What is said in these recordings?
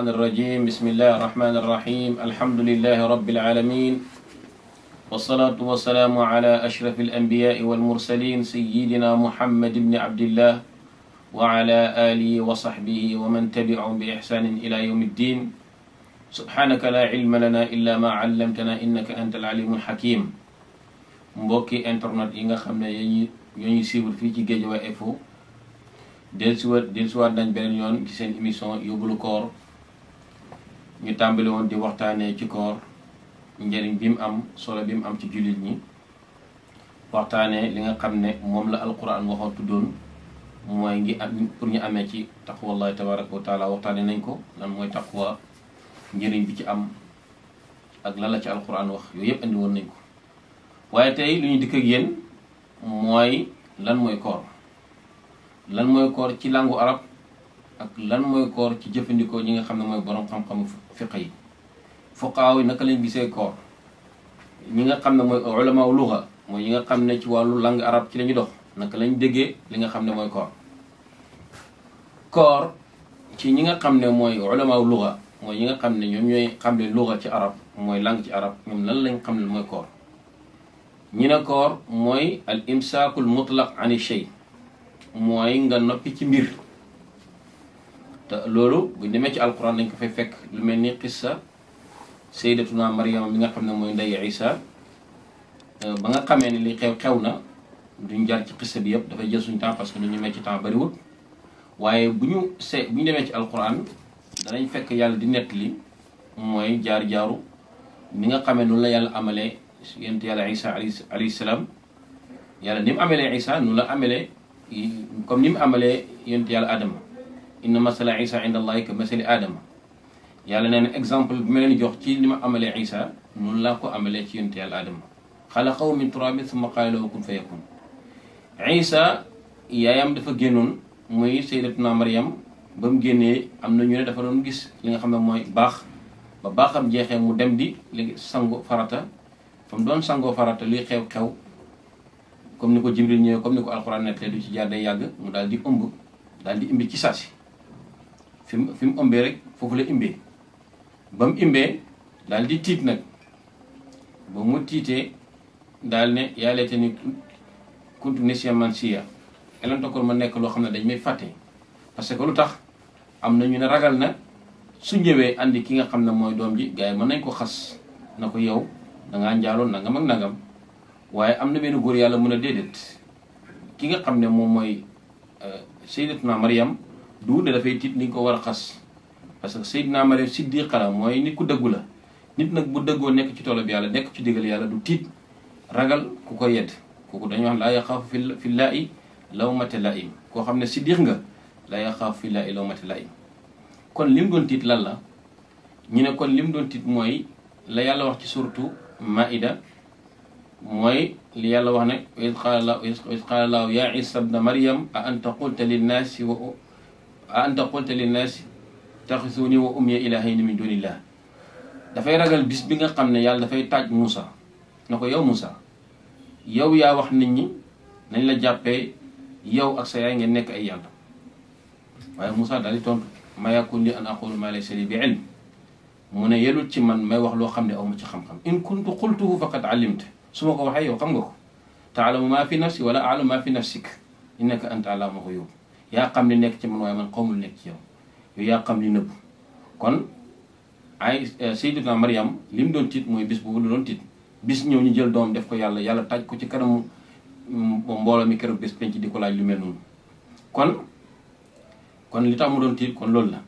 الشيطان الرجيم بسم الله الرحمن الرحيم الحمد لله رب العالمين والصلاة والسلام على أشرف الأنبياء والمرسلين سيدنا محمد بن عبد الله وعلى آله وصحبه ومن تبعهم بإحسان إلى يوم الدين سبحانك لا علم لنا إلا ما علمتنا إنك أنت العليم الحكيم مبوكي انترنت إنغا خمنا يوني سيبل في جيجي وإفو دلسوار دلسوار دان بنيون كسين إميسون يوبلو كور ñu tàmbaliwoon di waxtaanee ci koor njëriñ bi mu am solo bi mu am ci jullit ñi waxtaanee li nga xam ne moom la alquran waxoon tuddoon mooy ngi am pour ñu amee ci taqwallahi tabaraka wa taala nañ ko lan mooy taqwa njëriñ bi ci am ak lan la ci alquran wax yooyu yëpp andi woon nañ ko waaye tey lu ñu dikk ak yéen mooy lan mooy koor lan mooy koor ci langu arab ak lan mooy koor ci jëfandikoo ñi nga xam ne mooy borom xam-xamu fiq yi fuqaaw yi naka lañ gisee koor ñi nga xam ne mooy ulama luga mooy ñi nga xam ne ci wàllu langue arab ci la ñu naka lañ déggee li nga xam ne mooy koor koor ci ñi nga xam ne mooy ulama luga mooy ñi nga xam ne ñoom ñooy xamle ci arab mooy langue ci arab ñoom lan lañ xam ne mooy koor ñi ne koor mooy al imsaakul mutlaq ani shay mooy nga noppi ci mbir te loolu buñ demee ci alquran dañ ko fa fekk lu mel ni qissa sayyidatuna Maryama mi nga xam ne mooy ndeyu Isa euh, ba nga xamee ne li xew xew na duñ jaar ci qissa bi yëpp dafay jël suñ temps parce que lu ñu mecc ci temps bariwul waaye bu ñu see bu ci alquran danañ fekk yàlla di nett li mooy jaar jaaru ni nga xamee noonu la yàlla amalee yent yàlla Isa alayhi salaam yàlla ni mu amalee Isa noonu la amalee comme ni amalee yent yàlla Adama. inna masala isa inda allahi ka masali aadama yàlla nee na exemple bi ma leen jox ci li ma amalee isa noonu laa ko amalee ci yonte yàlla aadama xalaqahu min turabin summa qaala lahu kun fa yakun isa yaayam dafa génnoon muy sayyidatuna mariam ba mu génnee am na ñu ne dafa doon gis li nga xam ne mooy baax ba baaxam jeexee mu dem di léegi sango farata fa mu doon sangoo farata luy xew-xew comme ni ko jibril ñëwee comme ni ko alxuraan nettalee du ci jaar da yàgg mu daal di ëmb daal di imbi ci saasi fi mu fi mu ëmbee rek foofu la imbee ba mu imbee daal di tiit nag ba mu tiitee daal ne yàlla te ni kuntu nesiyan mansiyya elantakoon ma nekk loo xam ne dañ may fàtte parce que lu tax am na ñu ne ragal na su ñëwee indi ki nga xam ne mooy doom ji gars yi mën nañ ko xas na ko yow dangaa njaaloon nangam ak nangam waaye am na benn góor yàlla mën a déedéet ki nga xam ne moom mooy euh, Sayyidatuna Maryam du ne dafay tiit ni nga ko war a xas parce que Seydina Maryam siddiqa la mooy nit ku dëggu la nit nag bu dëggoo nekk ci tollu bi yàlla nekk ci digal yàlla du tiit ragal ku ko yedd kooku dañuy wax laa yaxaafu fi koo xam ne siddiq nga laa yaxaafu fi laa i law mate laa im la ñu ne li mu doon tiit mooy la yàlla wax ci surtout yàlla wax ne wa iz qaala laahu yaa Iisa bna Maryam a anta qulta linnaasi wa أأنت قلت للناس taxisuuni wa ummiya ilaahayni min dunillah dafay ragal bis bi nga xam ne yàlla dafay taaj Moussa na ko yow Moussa yow yaa wax nit ñi nañ la jàppee yow ak sa yaay ngeen nekk ay yàlla waaye Moussa daal di tontu maa yakun li an aqulu maa laysa li bi ilm mu ne yelut ci man may wax loo xam ne aw ma ci xam-xam in kuntu qultuhu faqad alimte su ma ko waxee yow xam nga ko taalamu maa fi nafsi wala aalamu maa fi nafsik innaka anta allaamu lghuyuub yaa xam li nekk ci man waaye man xamul nekk ci yow yow yaa xam li nëbb kon ay eh, Sayyidatuna Maryam li mu doon tiit mooy bis boobu lu doon tiit bis ñëw ñu jël doom def ko yàlla yàlla taaj ko ci kanamu mm, mbooloo mi keroog bés penc di ko laaj lu mel noonu kon kon li tax mu doon tiit kon loolu la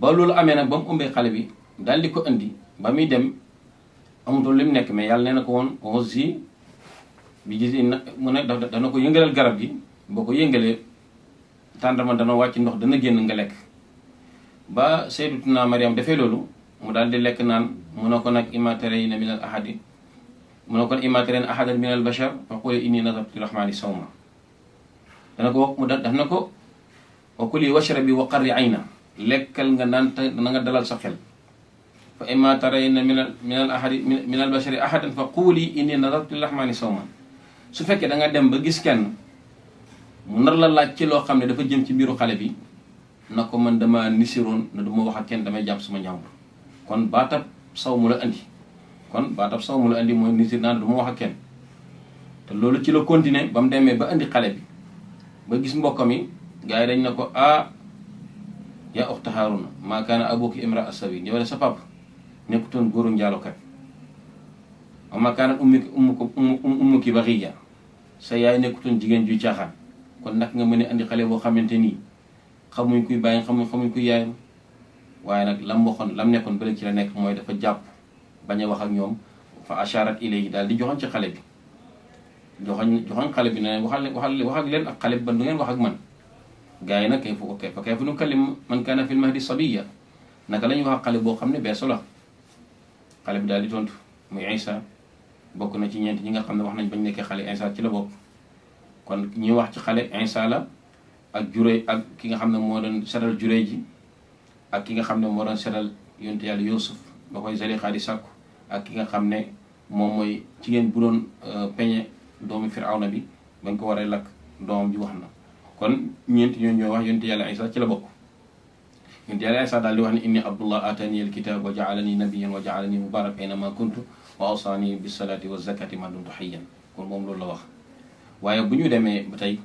ba loolu amee nag ba mu ëmbee xale bi daal di ko indi ba muy dem amutoon li mu nekk mais yàlla nee na ko woon aussi bi gis mu ne daf dana ko yëngalal garab gi boo ko yëngalee tandama dana wacc ndox dana genn nga lek ba Sayyidatuna maryam defé lolu mu daldi lek nan naan nak imatarin min al minal ahadi mu ne bashar fa qul inni nadabtu lirahmani sawma dana ko mu dal dana ko wa kuli washrabi wa qarri ayna lekkal nga nan te na nga dalal sa xel fa minal minal ahadi minal bashari ahadan fa qul inni nadabtu lirahmani sawma su fekke da nga dem ba gis kenn nar la laaj ci loo xam ne dafa jëm ci biiru xale bi na ko man dama nisiroon na du ma wax ak kenn damay jàpp suma njàmbur kon baatab saw mu la andi kon baatab saw mu la andi mooy nisir naa ne du wax ak kenn te loolu ci la continuer ba mu demee ba indi xale bi ba gis mbokkam mi gars yi dañ na ko a ah, yaa uxta Haaruna maa kaana abuki imra asawin yow sa papa nekkutoon góoru njaalokat wa maa kaanat ummuki ummuki baxiya sa yaay nekkutoon jigéen ju caaxaan kon nak nga mën andi xalé bo xamanteni xamuy kuy bàyyi xamuñ xamuy kuy yaayam waye nak lam waxon lam nekkon bële ci la nekk moy dafa japp baña wax ak ñom fa asharat ilayhi dal di joxon ci xalé bi joxon joxon xalé bi ne waxal waxal wax ak leen ak xalé bi ba ngeen wax ak man gaay nak kay fu kay fa kay fu nu kallim man kana fil mahdi sabiya nak lañ wax xalé bo xamne xam ne beesu la xale bi dal di tontu muy Isa bokku na ci ñent ñi nga xamne ne wax nañ bañ nekk xalé Isa ci la bokku kon ñuy wax ci xale Insa la ak juré ak ki nga xam ne moo doon setal juré ji ak ki nga xam ne moo doon setal yonte yàlla Yuusuf ba koy Zalixa di sàkku ak ki nga xam ne moom mooy jigéen bu doon euh, peñe doomu Firawna bi bañ ko waree lakk doomam ji wax na kon ñeenti ñooñu ñooy wax yonte yàlla Insa ci la bokk yonte yàlla Insa daal di wax ne inni abdullah atani alkitab wa jaalani nabiyan wa jaalani mubarak aynama kuntu wa awsani bisalati wa zakati ma dumtu hayyan kon loolu la wax waaye bu ñu demee ba tey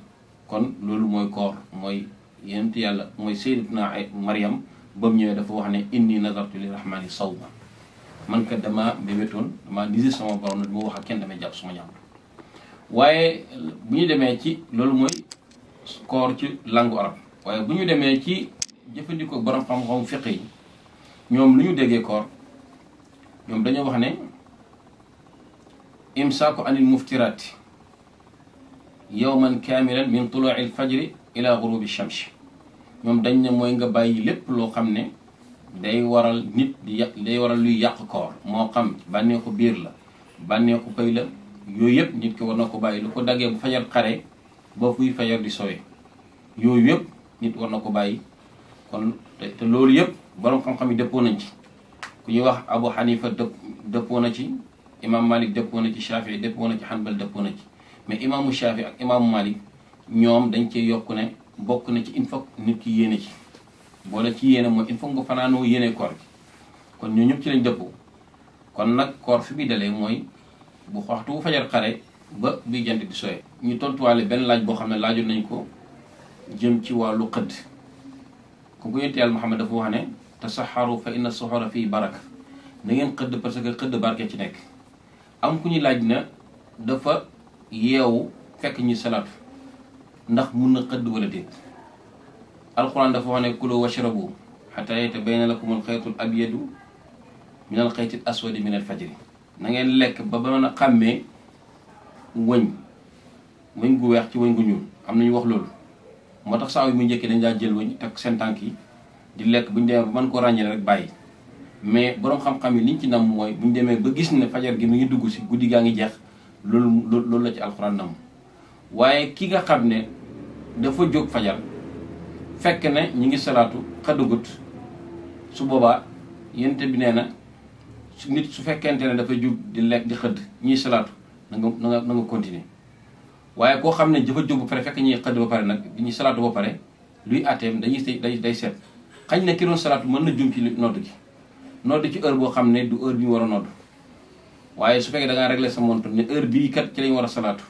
kon loolu mooy koor mooy yonent yàlla mooy sayyidatuna Maryam ba mu ñëwee dafa wax ne inni nazartu li rahmaani sawma man kat damaa mbébétoon damaa nise sama borom ne du ma wax ak kenn damay jàpp suma ñaamtu waaye bu ñu demee ci loolu mooy koor ci langue arab waaye bu ñu demee ci jëfandikoo borom xam-xam fiq yi ñoom lu ñu déggee koor ñoom dañoo wax ne imsaaku anil muftiraati yowman kaamilan min tuluuci alfajri ila gurubi shamsi ñoom dañ ne mooy nga bàyyi lépp loo xam ne day waral nit di yàq day waral luy yàq koor moo xam bànneexu biir la bànneexu pëy la yooyu yëpp nit ki war na ko bàyyi lu ko daggee bu fajar xare ba fuy fajar di sowe yooyu yëpp nit war na ko bàyyi kon te loolu yëpp boroom xam-xam yi dëppoo nañ ci ku ñuy wax Abu Hanifa dëpp dëppoo na ci Imam Malik dëppoo na ci Shafi'i dëppoo na ci Hanbal dëppoo na ci mais imaamu Shaafi ak imaamu Malik ñoom dañ cee yokk ne bokk na ci il faut nit ki yéene ci boole ci yéene mooy il faut nga fanaanoo yéene koor gi kon ñoo ñëpp ci lañ dëppoo kon nag koor fi bi dalee mooy bu waxtu bu fajar xare ba bi jant di soye ñu tontuwaale benn laaj boo xam ne laajoon nañ ko jëm ci wàllu xëdd ku ko yonent Yàlla Muhammad dafa wax ne tasaxaru fa inna soxora fii baraka na ngeen xëdd parce que xëdd barke ci nekk am ku ñu laaj na dafa yeewu fekk ñuy salaatu ndax mun na xëdd wala déet alquran dafa wax ne kuloo washrabu xataa yatabayyana lakum alxaytul abyadu min alxaytil aswadi min alfajri na nangeen lekk ba ba mën a xàmmee wëñ wëñ gu weex ci wëñ gu ñuul am nañu wax loolu moo tax saa mu muy njëkkee dañ daa jël wëñ teg seen tànk yi di lekk bu ñu demee ba mën koo ràññee rek bàyyi mais boroom xam-xam yi liñ ci nam mooy bu ñu demee ba gis ne fajar gi mu ngi dugg si guddi gaa ngi jeex loolu loolu la ci alxuraan nam waaye ki nga xam ne dafa jóg fajar fekk ne ñi ngi salaatu xadugut su boobaa yente bi nee na nit su fekkente ne dafa jóg di lekk xëdd ñuy salaatu na nga na nga na nga continuer waaye koo xam ne dafa jóg ba pare fekk ñuy xëdd ba pare nag ñi salaatu ba pare luy atteem dañuy day day seet xañ na ki doon salaatu mën na jum ci nodd gi nodd ci heure boo xam ne du heure bi war a nodd waaye su fekkee da ngaa réglé sa montre ne heure bii kat ci lañ war a salaatu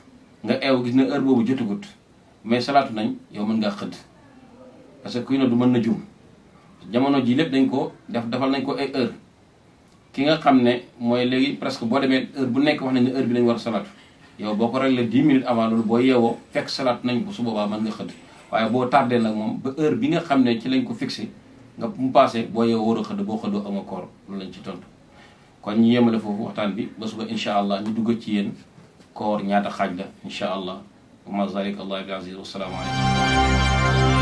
nga eew gis ne heure boobu jotagut mais salaatu nañ yow mën ngaa xëdd parce que kuy na du mën na juum jamono jii lépp dañ ko def defal nañ ko ay heure ki nga xam ne mooy léegi presque boo demee heure bu nekk wax nañ ne heure bi lañ war a salaatu yow boo ko réglé dix minutes avant loolu boo yeewoo fekk salaatu nañ ko su boobaa mën nga xëdd waaye boo tardé nag moom ba heure bi nga xam ne ci lañ ko fixé nga mu passé boo yeewoo war xëdd boo xëddoo ama koor loolu lañ ci tontu. kon ñu yemale fofu waxtaan bi ba suba insha allah ñu dugg ci yéen koor ñaata xaaj la incha allah wa ma zalik allah bi aziz wa salam alaykum